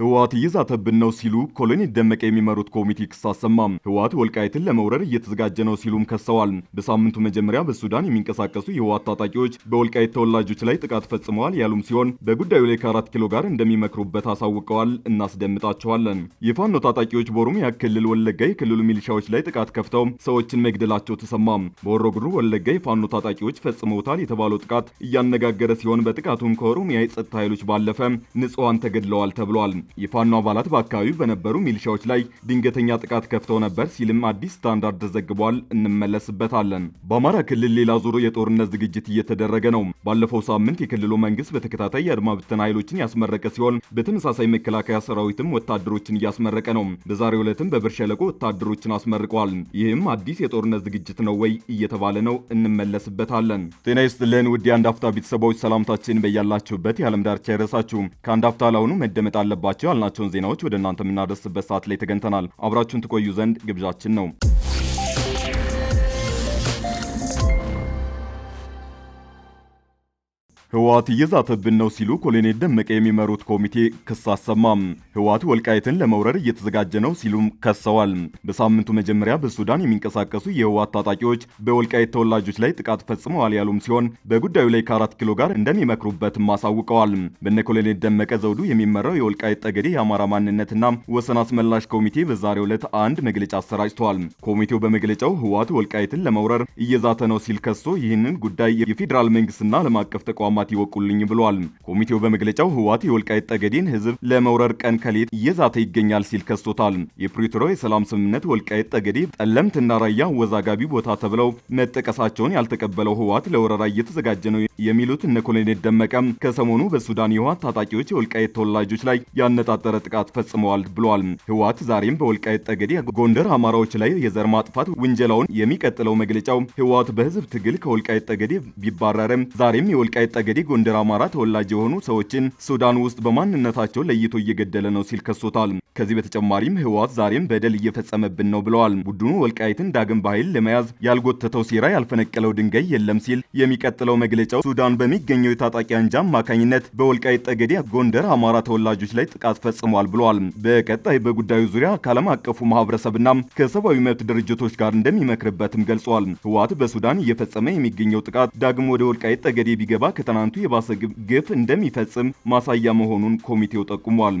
ህወሓት እየዛተብን ነው ሲሉ ኮሎኔል ደመቀ የሚመሩት ኮሚቴ ክስ አሰማም። ህወሓት ወልቃይትን ለመውረር እየተዘጋጀ ነው ሲሉም ከሰዋል። በሳምንቱ መጀመሪያ በሱዳን የሚንቀሳቀሱ የህወሓት ታጣቂዎች በወልቃይት ተወላጆች ላይ ጥቃት ፈጽመዋል ያሉም ሲሆን በጉዳዩ ላይ ከአራት ኪሎ ጋር እንደሚመክሩበት አሳውቀዋል። እናስደምጣቸዋለን። የፋኖ ታጣቂዎች በኦሮሚያ ክልል ወለጋ የክልሉ ሚሊሻዎች ላይ ጥቃት ከፍተው ሰዎችን መግደላቸው ተሰማም። በሆሮ ጉዱሩ ወለጋ የፋኖ ታጣቂዎች ፈጽመውታል የተባለው ጥቃት እያነጋገረ ሲሆን በጥቃቱም ከኦሮሚያ የጸጥታ ኃይሎች ባለፈ ንጹሐን ተገድለዋል ተብሏል። የፋኖ አባላት በአካባቢው በነበሩ ሚሊሻዎች ላይ ድንገተኛ ጥቃት ከፍተው ነበር ሲልም አዲስ ስታንዳርድ ተዘግቧል። እንመለስበታለን። በአማራ ክልል ሌላ ዙር የጦርነት ዝግጅት እየተደረገ ነው። ባለፈው ሳምንት የክልሉ መንግስት በተከታታይ የአድማ ብተና ኃይሎችን ያስመረቀ ሲሆን በተመሳሳይ መከላከያ ሰራዊትም ወታደሮችን እያስመረቀ ነው። በዛሬው ዕለትም በብር ሸለቆ ወታደሮችን አስመርቀዋል። ይህም አዲስ የጦርነት ዝግጅት ነው ወይ እየተባለ ነው። እንመለስበታለን። ጤና ይስጥልን ውድ የአንድ አፍታ ቤተሰቦች ሰላምታችን በያላችሁበት የዓለም ዳርቻ ይድረሳችሁ። ከአንድ አፍታ ለአሁኑ መደመጥ አለባቸው አስደመጥናቸው ያልናቸውን ዜናዎች ወደ እናንተ የምናደርስበት ሰዓት ላይ ተገኝተናል። አብራችሁን ትቆዩ ዘንድ ግብዣችን ነው። ህወሓት እየዛተብን ነው ሲሉ ኮሎኔል ደመቀ የሚመሩት ኮሚቴ ክስ አሰማም። ህወሓት ወልቃይትን ለመውረር እየተዘጋጀ ነው ሲሉም ከሰዋል። በሳምንቱ መጀመሪያ በሱዳን የሚንቀሳቀሱ የህወሓት ታጣቂዎች በወልቃይት ተወላጆች ላይ ጥቃት ፈጽመዋል ያሉም ሲሆን በጉዳዩ ላይ ከአራት ኪሎ ጋር እንደሚመክሩበትም አሳውቀዋል። በነ ኮሎኔል ደመቀ ዘውዱ የሚመራው የወልቃይት ጠገዴ የአማራ ማንነትና ወሰን አስመላሽ ኮሚቴ በዛሬው ዕለት አንድ መግለጫ አሰራጭተዋል። ኮሚቴው በመግለጫው ህወሓት ወልቃይትን ለመውረር እየዛተ ነው ሲል ከሶ ይህንን ጉዳይ የፌዴራል መንግስትና ዓለም አቀፍ ተቋማት በመስማማት ይወቁልኝ ብለዋል። ኮሚቴው በመግለጫው ህወሓት የወልቃይት ጠገዴን ህዝብ ለመውረር ቀን ከሌት እየዛተ ይገኛል ሲል ከስቶታል። የፕሪቶሪያው የሰላም ስምምነት ወልቃይት ጠገዴ፣ ጠለምትና ራያ አወዛጋቢ ቦታ ተብለው መጠቀሳቸውን ያልተቀበለው ህወሓት ለወረራ እየተዘጋጀ ነው የሚሉት እነ ኮሎኔል ደመቀ ከሰሞኑ በሱዳን የህወሓት ታጣቂዎች የወልቃይት ተወላጆች ላይ ያነጣጠረ ጥቃት ፈጽመዋል ብለዋል። ህወሓት ዛሬም በወልቃይት ጠገዴ፣ ጎንደር አማራዎች ላይ የዘር ማጥፋት ውንጀላውን የሚቀጥለው መግለጫው ህወሓት በህዝብ ትግል ከወልቃይት ጠገዴ ቢባረርም ዛሬም የወልቃይት ጠገዴ የጠገዴ ጎንደር አማራ ተወላጅ የሆኑ ሰዎችን ሱዳን ውስጥ በማንነታቸው ለይቶ እየገደለ ነው ሲል ከሶታል። ከዚህ በተጨማሪም ህወሓት ዛሬም በደል እየፈጸመብን ነው ብለዋል። ቡድኑ ወልቃይትን ዳግም በኃይል ለመያዝ ያልጎተተው ሴራ ያልፈነቀለው ድንጋይ የለም ሲል የሚቀጥለው መግለጫው ሱዳን በሚገኘው የታጣቂ አንጃ አማካኝነት በወልቃይት ጠገዴ ጎንደር አማራ ተወላጆች ላይ ጥቃት ፈጽሟል ብለዋል። በቀጣይ በጉዳዩ ዙሪያ ከዓለም አቀፉ ማህበረሰብና ከሰብአዊ መብት ድርጅቶች ጋር እንደሚመክርበትም ገልጿል። ህወሓት በሱዳን እየፈጸመ የሚገኘው ጥቃት ዳግም ወደ ወልቃይት ጠገዴ ቢገባ ከተና ሌተናንቱ የባሰ ግፍ እንደሚፈጽም ማሳያ መሆኑን ኮሚቴው ጠቁሟል።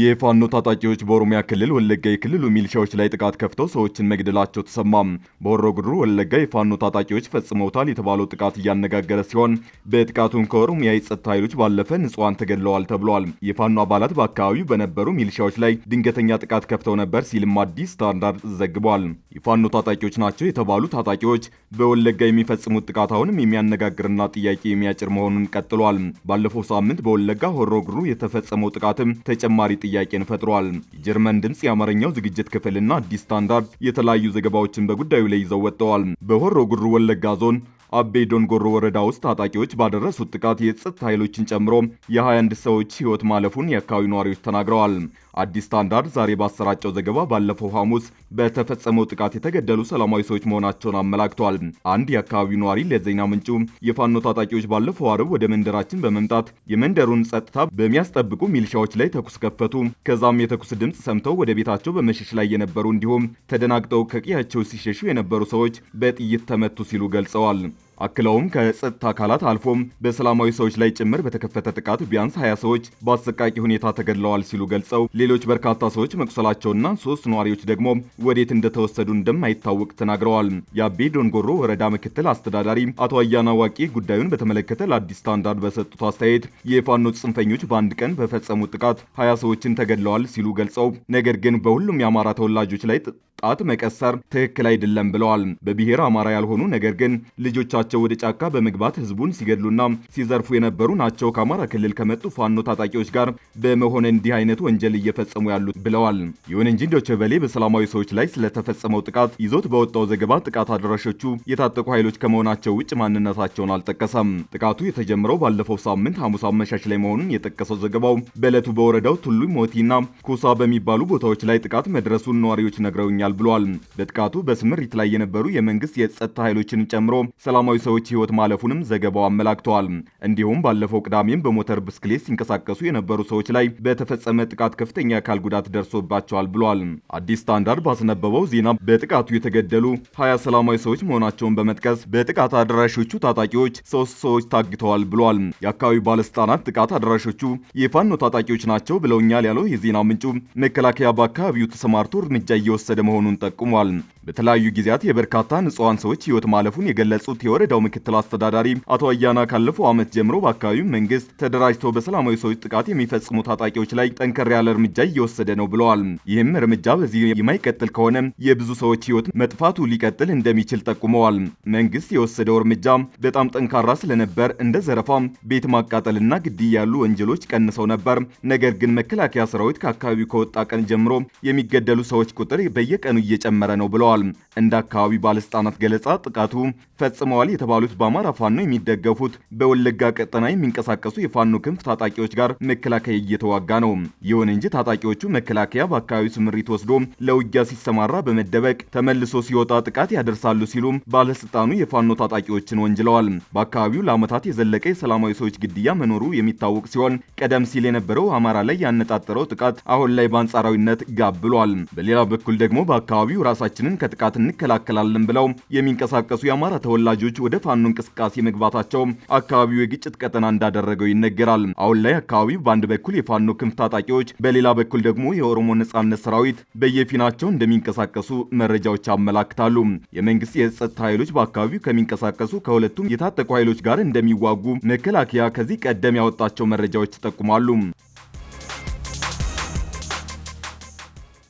የፋኖ ታጣቂዎች በኦሮሚያ ክልል ወለጋ የክልሉ ሚሊሻዎች ላይ ጥቃት ከፍተው ሰዎችን መግደላቸው ተሰማ። በሆሮ ጉድሩ ወለጋ የፋኖ ታጣቂዎች ፈጽመውታል የተባለው ጥቃት እያነጋገረ ሲሆን በጥቃቱም ከኦሮሚያ የጸጥታ ኃይሎች ባለፈ ንጹሐን ተገድለዋል ተብሏል። የፋኖ አባላት በአካባቢው በነበሩ ሚሊሻዎች ላይ ድንገተኛ ጥቃት ከፍተው ነበር ሲልም አዲስ ስታንዳርድ ዘግቧል። የፋኖ ታጣቂዎች ናቸው የተባሉ ታጣቂዎች በወለጋ የሚፈጽሙት ጥቃት አሁንም የሚያነጋግርና ጥያቄ የሚያጭር መሆኑን ቀጥሏል። ባለፈው ሳምንት በወለጋ ሆሮ ጉድሩ የተፈጸመው ጥቃትም ተጨማሪ ጥያቄን ፈጥሯል። የጀርመን ድምፅ የአማርኛው ዝግጅት ክፍልና አዲስ ስታንዳርድ የተለያዩ ዘገባዎችን በጉዳዩ ላይ ይዘው ወጥተዋል። በሆሮ ጉሩ ወለጋ ዞን አቤ ዶንጎሮ ወረዳ ውስጥ ታጣቂዎች ባደረሱት ጥቃት የጸጥታ ኃይሎችን ጨምሮ የ21 ሰዎች ሕይወት ማለፉን የአካባቢው ነዋሪዎች ተናግረዋል። አዲስ ስታንዳርድ ዛሬ ባሰራጨው ዘገባ ባለፈው ሐሙስ በተፈጸመው ጥቃት የተገደሉ ሰላማዊ ሰዎች መሆናቸውን አመላክቷል። አንድ የአካባቢው ነዋሪ ለዜና ምንጩ የፋኖ ታጣቂዎች ባለፈው አርብ ወደ መንደራችን በመምጣት የመንደሩን ጸጥታ በሚያስጠብቁ ሚልሻዎች ላይ ተኩስ ከፈቱ። ከዛም የተኩስ ድምፅ ሰምተው ወደ ቤታቸው በመሸሽ ላይ የነበሩ እንዲሁም ተደናግጠው ከቀያቸው ሲሸሹ የነበሩ ሰዎች በጥይት ተመቱ ሲሉ ገልጸዋል። አክለውም ከጸጥታ አካላት አልፎም በሰላማዊ ሰዎች ላይ ጭምር በተከፈተ ጥቃት ቢያንስ 20 ሰዎች በአሰቃቂ ሁኔታ ተገድለዋል ሲሉ ገልጸው ሌሎች በርካታ ሰዎች መቁሰላቸውና ሶስት ነዋሪዎች ደግሞ ወዴት እንደተወሰዱ እንደማይታወቅ ተናግረዋል። የአቤ ዶንጎሮ ወረዳ ምክትል አስተዳዳሪ አቶ አያና ዋቂ ጉዳዩን በተመለከተ ለአዲስ ስታንዳርድ በሰጡት አስተያየት የፋኖ ጽንፈኞች በአንድ ቀን በፈጸሙት ጥቃት 20 ሰዎችን ተገድለዋል ሲሉ ገልጸው ነገር ግን በሁሉም የአማራ ተወላጆች ላይ ጣት መቀሰር ትክክል አይደለም ብለዋል። በብሔር አማራ ያልሆኑ ነገር ግን ልጆቻ በፈቃዳቸው ወደ ጫካ በመግባት ህዝቡን ሲገድሉና ሲዘርፉ የነበሩ ናቸው። ከአማራ ክልል ከመጡ ፋኖ ታጣቂዎች ጋር በመሆን እንዲህ አይነት ወንጀል እየፈጸሙ ያሉት ብለዋል። ይሁን እንጂ ዶቼ ቬለ በሰላማዊ ሰዎች ላይ ስለተፈጸመው ጥቃት ይዞት በወጣው ዘገባ ጥቃት አድራሾቹ የታጠቁ ኃይሎች ከመሆናቸው ውጭ ማንነታቸውን አልጠቀሰም። ጥቃቱ የተጀመረው ባለፈው ሳምንት ሐሙስ አመሻሽ ላይ መሆኑን የጠቀሰው ዘገባው በዕለቱ በወረዳው ቱሉ ሞቲና ኩሳ በሚባሉ ቦታዎች ላይ ጥቃት መድረሱን ነዋሪዎች ነግረውኛል ብሏል። በጥቃቱ በስምሪት ላይ የነበሩ የመንግስት የጸጥታ ኃይሎችን ጨምሮ ሰላማዊ ሰላማዊ ሰዎች ሕይወት ማለፉንም ዘገባው አመላክተዋል። እንዲሁም ባለፈው ቅዳሜም በሞተር ብስክሌት ሲንቀሳቀሱ የነበሩ ሰዎች ላይ በተፈጸመ ጥቃት ከፍተኛ የአካል ጉዳት ደርሶባቸዋል ብሏል። አዲስ ስታንዳርድ ባስነበበው ዜና በጥቃቱ የተገደሉ ሀያ ሰላማዊ ሰዎች መሆናቸውን በመጥቀስ በጥቃት አደራሾቹ ታጣቂዎች ሶስት ሰዎች ታግተዋል ብሏል። የአካባቢው ባለስልጣናት ጥቃት አደራሾቹ የፋኖ ታጣቂዎች ናቸው ብለውኛል ያለው የዜና ምንጩ መከላከያ በአካባቢው ተሰማርቶ እርምጃ እየወሰደ መሆኑን ጠቁሟል። በተለያዩ ጊዜያት የበርካታ ንጹሐን ሰዎች ህይወት ማለፉን የገለጹት የወረዳው ምክትል አስተዳዳሪ አቶ አያና ካለፈው ዓመት ጀምሮ በአካባቢው መንግስት ተደራጅተው በሰላማዊ ሰዎች ጥቃት የሚፈጽሙ ታጣቂዎች ላይ ጠንከር ያለ እርምጃ እየወሰደ ነው ብለዋል። ይህም እርምጃ በዚህ የማይቀጥል ከሆነ የብዙ ሰዎች ህይወት መጥፋቱ ሊቀጥል እንደሚችል ጠቁመዋል። መንግስት የወሰደው እርምጃ በጣም ጠንካራ ስለነበር እንደ ዘረፋ፣ ቤት ማቃጠልና ግድያ ያሉ ወንጀሎች ቀንሰው ነበር። ነገር ግን መከላከያ ሰራዊት ከአካባቢው ከወጣ ቀን ጀምሮ የሚገደሉ ሰዎች ቁጥር በየቀኑ እየጨመረ ነው ብለዋል። ተናግረዋል። እንደ አካባቢ ባለስልጣናት ገለጻ ጥቃቱ ፈጽመዋል የተባሉት በአማራ ፋኖ የሚደገፉት በወለጋ ቀጠና የሚንቀሳቀሱ የፋኖ ክንፍ ታጣቂዎች ጋር መከላከያ እየተዋጋ ነው። ይሁን እንጂ ታጣቂዎቹ መከላከያ በአካባቢው ስምሪት ወስዶ ለውጊያ ሲሰማራ በመደበቅ ተመልሶ ሲወጣ ጥቃት ያደርሳሉ ሲሉም ባለስልጣኑ የፋኖ ታጣቂዎችን ወንጅለዋል። በአካባቢው ለዓመታት የዘለቀ የሰላማዊ ሰዎች ግድያ መኖሩ የሚታወቅ ሲሆን ቀደም ሲል የነበረው አማራ ላይ ያነጣጠረው ጥቃት አሁን ላይ በአንጻራዊነት ጋብሏል። ብሏል። በሌላ በኩል ደግሞ በአካባቢው ራሳችንን ከጥቃት እንከላከላለን ብለው የሚንቀሳቀሱ የአማራ ተወላጆች ወደ ፋኖ እንቅስቃሴ መግባታቸው አካባቢው የግጭት ቀጠና እንዳደረገው ይነገራል። አሁን ላይ አካባቢው በአንድ በኩል የፋኖ ክንፍ ታጣቂዎች፣ በሌላ በኩል ደግሞ የኦሮሞ ነጻነት ሰራዊት በየፊናቸው እንደሚንቀሳቀሱ መረጃዎች አመላክታሉ። የመንግስት የጸጥታ ኃይሎች በአካባቢው ከሚንቀሳቀሱ ከሁለቱም የታጠቁ ኃይሎች ጋር እንደሚዋጉ መከላከያ ከዚህ ቀደም ያወጣቸው መረጃዎች ይጠቁማሉ።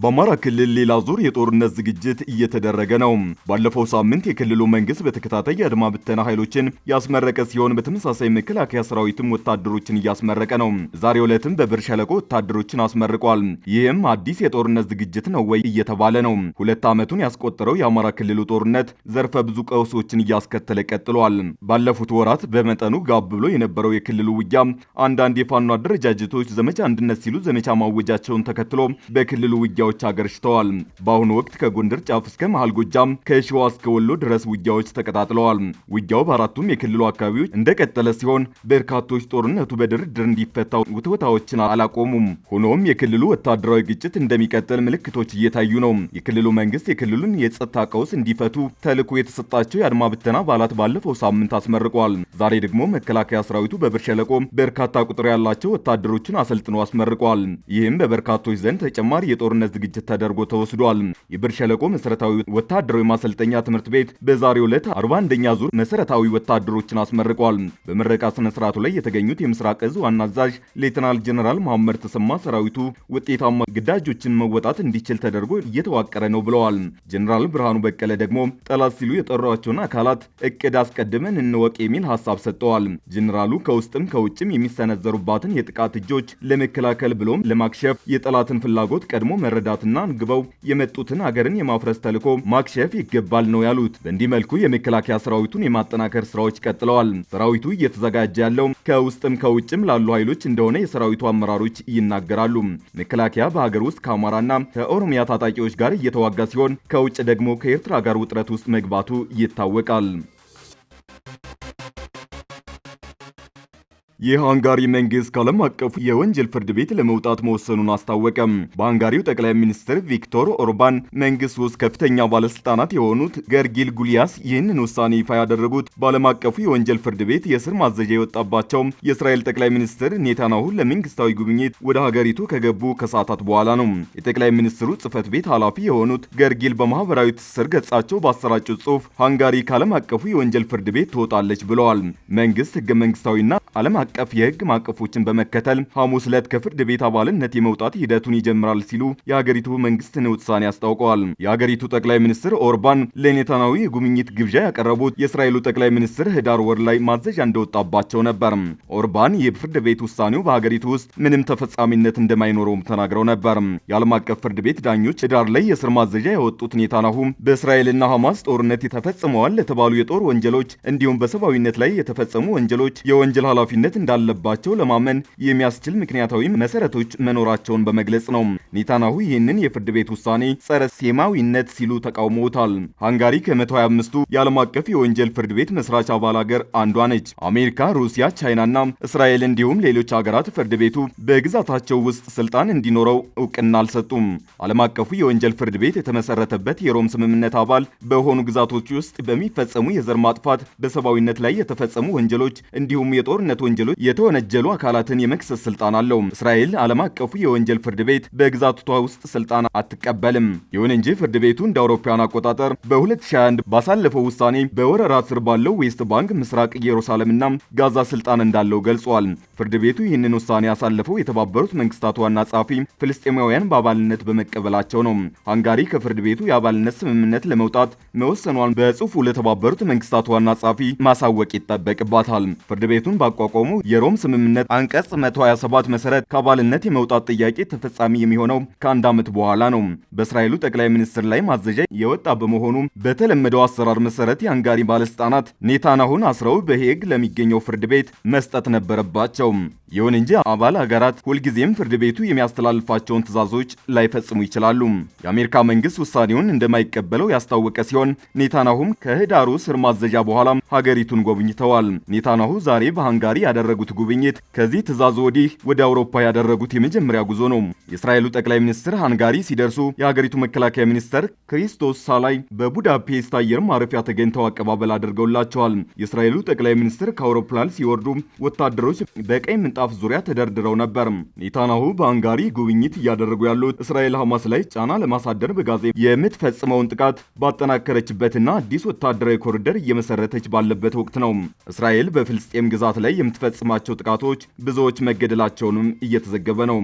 በአማራ ክልል ሌላ ዙር የጦርነት ዝግጅት እየተደረገ ነው። ባለፈው ሳምንት የክልሉ መንግስት በተከታታይ የአድማ ብተና ኃይሎችን ያስመረቀ ሲሆን በተመሳሳይ መከላከያ ሰራዊትም ወታደሮችን እያስመረቀ ነው። ዛሬ ዕለትም በብር ሸለቆ ወታደሮችን አስመርቋል። ይህም አዲስ የጦርነት ዝግጅት ነው ወይ እየተባለ ነው። ሁለት ዓመቱን ያስቆጠረው የአማራ ክልሉ ጦርነት ዘርፈ ብዙ ቀውሶችን እያስከተለ ቀጥሏል። ባለፉት ወራት በመጠኑ ጋብ ብሎ የነበረው የክልሉ ውጊያ አንዳንድ የፋኖ አደረጃጀቶች ዘመቻ አንድነት ሲሉ ዘመቻ ማወጃቸውን ተከትሎ በክልሉ ውጊያዎች ውጊያዎች አገርሽተዋል። በአሁኑ ወቅት ከጎንደር ጫፍ እስከ መሃል ጎጃም ከሸዋ እስከ ወሎ ድረስ ውጊያዎች ተቀጣጥለዋል። ውጊያው በአራቱም የክልሉ አካባቢዎች እንደቀጠለ ሲሆን በርካቶች ጦርነቱ በድርድር እንዲፈታ ውትወታዎችን አላቆሙም። ሆኖም የክልሉ ወታደራዊ ግጭት እንደሚቀጥል ምልክቶች እየታዩ ነው። የክልሉ መንግስት የክልሉን የጸጥታ ቀውስ እንዲፈቱ ተልዕኮ የተሰጣቸው የአድማ ብተና አባላት ባለፈው ሳምንት አስመርቋል። ዛሬ ደግሞ መከላከያ ሰራዊቱ በብር ሸለቆ በርካታ ቁጥር ያላቸው ወታደሮችን አሰልጥኖ አስመርቋል። ይህም በበርካቶች ዘንድ ተጨማሪ የጦርነት ዝግጅት ተደርጎ ተወስዷል። የብር ሸለቆ መሰረታዊ ወታደራዊ ማሰልጠኛ ትምህርት ቤት በዛሬው ዕለት 41ኛ ዙር መሰረታዊ ወታደሮችን አስመርቋል። በምረቃ ስነ ስርዓቱ ላይ የተገኙት የምስራቅ እዝ ዋና አዛዥ ሌተናል ጀነራል መሐመድ ተሰማ ሰራዊቱ ውጤታማ ግዳጆችን መወጣት እንዲችል ተደርጎ እየተዋቀረ ነው ብለዋል። ጀነራል ብርሃኑ በቀለ ደግሞ ጠላት ሲሉ የጠሯቸውን አካላት እቅድ አስቀድመን እንወቅ የሚል ሀሳብ ሰጥተዋል። ጀነራሉ ከውስጥም ከውጭም የሚሰነዘሩባትን የጥቃት እጆች ለመከላከል ብሎም ለማክሸፍ የጠላትን ፍላጎት ቀድሞ መረ መረዳትና አንግበው የመጡትን ሀገርን የማፍረስ ተልዕኮ ማክሸፍ ይገባል ነው ያሉት። በእንዲህ መልኩ የመከላከያ ሰራዊቱን የማጠናከር ስራዎች ቀጥለዋል። ሰራዊቱ እየተዘጋጀ ያለው ከውስጥም ከውጭም ላሉ ኃይሎች እንደሆነ የሰራዊቱ አመራሮች ይናገራሉ። መከላከያ በሀገር ውስጥ ከአማራና ከኦሮሚያ ታጣቂዎች ጋር እየተዋጋ ሲሆን፣ ከውጭ ደግሞ ከኤርትራ ጋር ውጥረት ውስጥ መግባቱ ይታወቃል። የሃንጋሪ መንግስት ከዓለም አቀፉ የወንጀል ፍርድ ቤት ለመውጣት መወሰኑን አስታወቀም። በሃንጋሪው ጠቅላይ ሚኒስትር ቪክቶር ኦርባን መንግስት ውስጥ ከፍተኛ ባለስልጣናት የሆኑት ገርጊል ጉሊያስ ይህንን ውሳኔ ይፋ ያደረጉት በዓለም አቀፉ የወንጀል ፍርድ ቤት የስር ማዘዣ የወጣባቸው የእስራኤል ጠቅላይ ሚኒስትር ኔታናሁ ለመንግስታዊ ጉብኝት ወደ ሀገሪቱ ከገቡ ከሰዓታት በኋላ ነው። የጠቅላይ ሚኒስትሩ ጽህፈት ቤት ኃላፊ የሆኑት ገርጊል በማህበራዊ ትስስር ገጻቸው ባሰራጩት ጽሑፍ ሃንጋሪ ከዓለም አቀፉ የወንጀል ፍርድ ቤት ትወጣለች ብለዋል። መንግስት ህገ መንግስታዊና ዓለም አቀፍ የህግ ማቀፎችን በመከተል ሐሙስ ዕለት ከፍርድ ቤት አባልነት የመውጣት ሂደቱን ይጀምራል ሲሉ የሀገሪቱ መንግስት ውሳኔ አስታውቀዋል። የሀገሪቱ ጠቅላይ ሚኒስትር ኦርባን ለኔታናዊ የጉብኝት ግብዣ ያቀረቡት የእስራኤሉ ጠቅላይ ሚኒስትር ህዳር ወር ላይ ማዘዣ እንደወጣባቸው ነበር። ኦርባን የፍርድ ቤት ውሳኔው በሀገሪቱ ውስጥ ምንም ተፈጻሚነት እንደማይኖረውም ተናግረው ነበር። የዓለም አቀፍ ፍርድ ቤት ዳኞች ህዳር ላይ የእስር ማዘዣ ያወጡት ኔታናሁ በእስራኤልና ሐማስ ጦርነት የተፈጽመዋል ለተባሉ የጦር ወንጀሎች እንዲሁም በሰብአዊነት ላይ የተፈጸሙ ወንጀሎች የወንጀል ኃላፊነት ኃላፊነት እንዳለባቸው ለማመን የሚያስችል ምክንያታዊ መሰረቶች መኖራቸውን በመግለጽ ነው። ኔታንያሁ ይህንን የፍርድ ቤት ውሳኔ ጸረ ሴማዊነት ሲሉ ተቃውመውታል። ሃንጋሪ ከ125ቱ የዓለም አቀፍ የወንጀል ፍርድ ቤት መስራች አባል ሀገር አንዷ ነች። አሜሪካ፣ ሩሲያ፣ ቻይናና እስራኤል እንዲሁም ሌሎች አገራት ፍርድ ቤቱ በግዛታቸው ውስጥ ስልጣን እንዲኖረው እውቅና አልሰጡም። ዓለም አቀፉ የወንጀል ፍርድ ቤት የተመሰረተበት የሮም ስምምነት አባል በሆኑ ግዛቶች ውስጥ በሚፈጸሙ የዘር ማጥፋት፣ በሰብአዊነት ላይ የተፈጸሙ ወንጀሎች እንዲሁም የጦርነት ወንጀሎች ወንጀሎች የተወነጀሉ አካላትን የመክሰስ ስልጣን አለው። እስራኤል ዓለም አቀፉ የወንጀል ፍርድ ቤት በግዛቷ ውስጥ ስልጣን አትቀበልም። ይሁን እንጂ ፍርድ ቤቱ እንደ አውሮፓውያን አቆጣጠር በ2021 ባሳለፈው ውሳኔ በወረራ ስር ባለው ዌስት ባንክ፣ ምስራቅ ኢየሩሳሌምና ጋዛ ስልጣን እንዳለው ገልጿል። ፍርድ ቤቱ ይህንን ውሳኔ ያሳለፈው የተባበሩት መንግስታት ዋና ጸሐፊ ፍልስጤማውያን በአባልነት በመቀበላቸው ነው። ሃንጋሪ ከፍርድ ቤቱ የአባልነት ስምምነት ለመውጣት መወሰኗን በጽሑፉ ለተባበሩት መንግስታት ዋና ጸሐፊ ማሳወቅ ይጠበቅባታል። ፍርድ ቤቱን ባቋቋሙ የሮም ስምምነት አንቀጽ 127 መሰረት ከአባልነት የመውጣት ጥያቄ ተፈጻሚ የሚሆነው ከአንድ ዓመት በኋላ ነው። በእስራኤሉ ጠቅላይ ሚኒስትር ላይ ማዘዣ የወጣ በመሆኑ በተለመደው አሰራር መሰረት የአንጋሪ ባለስልጣናት ኔታናሁን አስረው በሄግ ለሚገኘው ፍርድ ቤት መስጠት ነበረባቸው። ይሁን እንጂ አባል ሀገራት ሁልጊዜም ፍርድ ቤቱ የሚያስተላልፋቸውን ትዕዛዞች ላይፈጽሙ ይችላሉ። የአሜሪካ መንግስት ውሳኔውን እንደማይቀበለው ያስታወቀ ሲሆን ኔታናሁም ከህዳሩ ስር ማዘዣ በኋላ ሀገሪቱን ጎብኝተዋል። ኔታናሁ ዛሬ በሃንጋሪ ያደረ ያደረጉት ጉብኝት ከዚህ ትዕዛዝ ወዲህ ወደ አውሮፓ ያደረጉት የመጀመሪያ ጉዞ ነው። የእስራኤሉ ጠቅላይ ሚኒስትር ሃንጋሪ ሲደርሱ የሀገሪቱ መከላከያ ሚኒስተር ክሪስቶስ ሳላይ በቡዳፔስት አየር ማረፊያ ተገኝተው አቀባበል አድርገውላቸዋል። የእስራኤሉ ጠቅላይ ሚኒስትር ከአውሮፕላን ሲወርዱ ወታደሮች በቀይ ምንጣፍ ዙሪያ ተደርድረው ነበር። ኔታናሁ በሃንጋሪ ጉብኝት እያደረጉ ያሉት እስራኤል ሐማስ ላይ ጫና ለማሳደር በጋዜ የምትፈጽመውን ጥቃት ባጠናከረችበትና አዲስ ወታደራዊ ኮሪደር እየመሰረተች ባለበት ወቅት ነው። እስራኤል በፍልስጤም ግዛት ላይ የምትፈ በሚፈጽማቸው ጥቃቶች ብዙዎች መገደላቸውንም እየተዘገበ ነው።